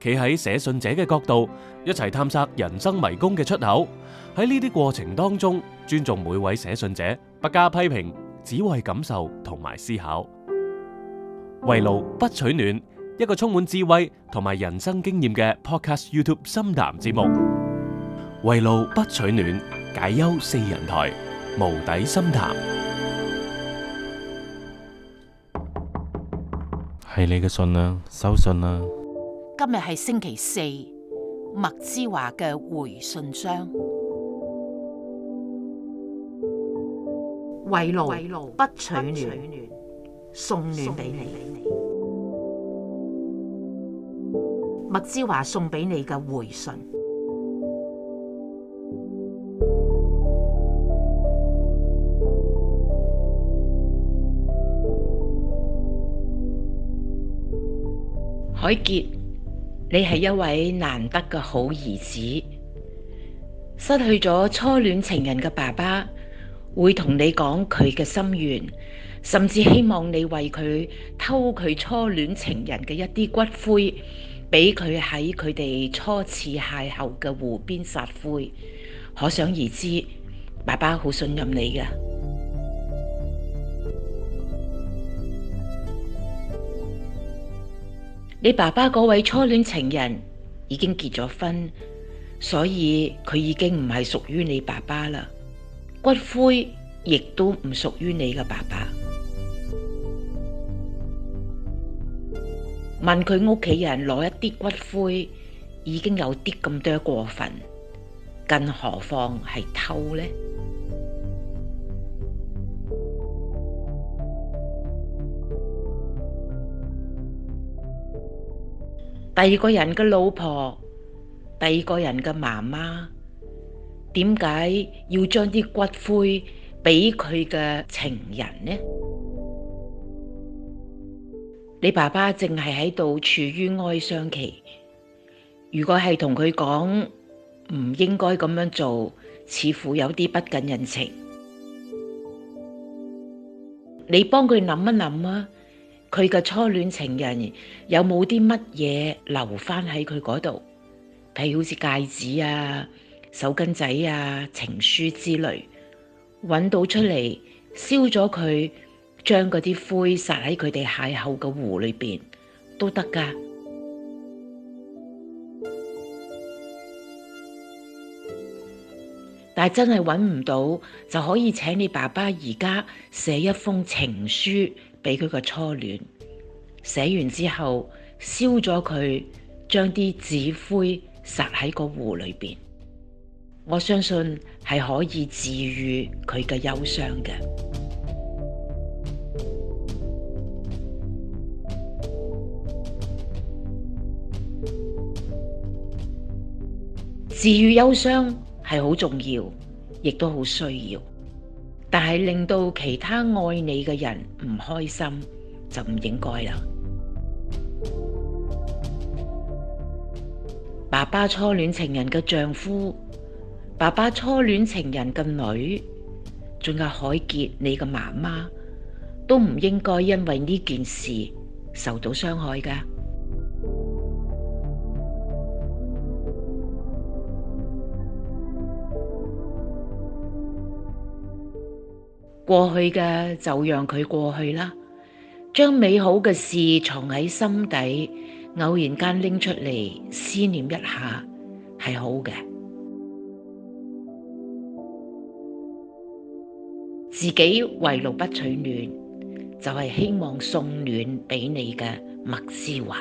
企喺寫信者嘅角度，一齊探索人生迷宮嘅出口。喺呢啲過程當中，尊重每位寫信者，不加批評，只為感受同埋思考。為路不取暖，一個充滿智慧同埋人生經驗嘅 Podcast YouTube 深談節目。為路不取暖，解憂四人台無底深談。係你嘅信啊，收信啊！今日係星期四，麥之華嘅回信箱，為勞不取暖，送暖俾你。麥之華送俾你嘅回信，海杰。你係一位難得嘅好兒子，失去咗初戀情人嘅爸爸會同你講佢嘅心願，甚至希望你為佢偷佢初戀情人嘅一啲骨灰，俾佢喺佢哋初次邂逅嘅湖邊撒灰，可想而知，爸爸好信任你嘅。你爸爸嗰位初戀情人已經結咗婚，所以佢已經唔係屬於你爸爸啦。骨灰亦都唔屬於你嘅爸爸。問佢屋企人攞一啲骨灰，已經有啲咁多過分，更何況係偷呢？第二個人嘅老婆，第二個人嘅媽媽，點解要將啲骨灰俾佢嘅情人呢？你爸爸淨係喺度處於哀傷期，如果係同佢講唔應該咁樣做，似乎有啲不近人情。你幫佢諗一諗啊！佢嘅初戀情人有冇啲乜嘢留返喺佢嗰度？譬如好似戒指啊、手巾仔啊、情書之類，揾到出嚟燒咗佢，將嗰啲灰撒喺佢哋邂逅嘅湖裏邊都得㗎。但係真係揾唔到，就可以請你爸爸而家寫一封情書。俾佢個初戀寫完之後燒了他，燒咗佢，將啲紙灰撒喺個湖裏邊。我相信係可以治愈佢嘅憂傷嘅。治愈憂傷係好重要，亦都好需要。但係令到其他愛你嘅人唔開心就唔應該啦。爸爸初戀情人嘅丈夫，爸爸初戀情人嘅女，仲有海杰，你嘅媽媽，都唔應該因為呢件事受到傷害噶。過去嘅就讓佢過去啦，將美好嘅事藏喺心底，偶然間拎出嚟思念一下係好嘅。自己圍爐不取暖，就係、是、希望送暖俾你嘅麥之華。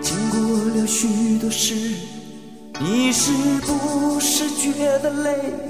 經過了許多事，你是不是覺得累？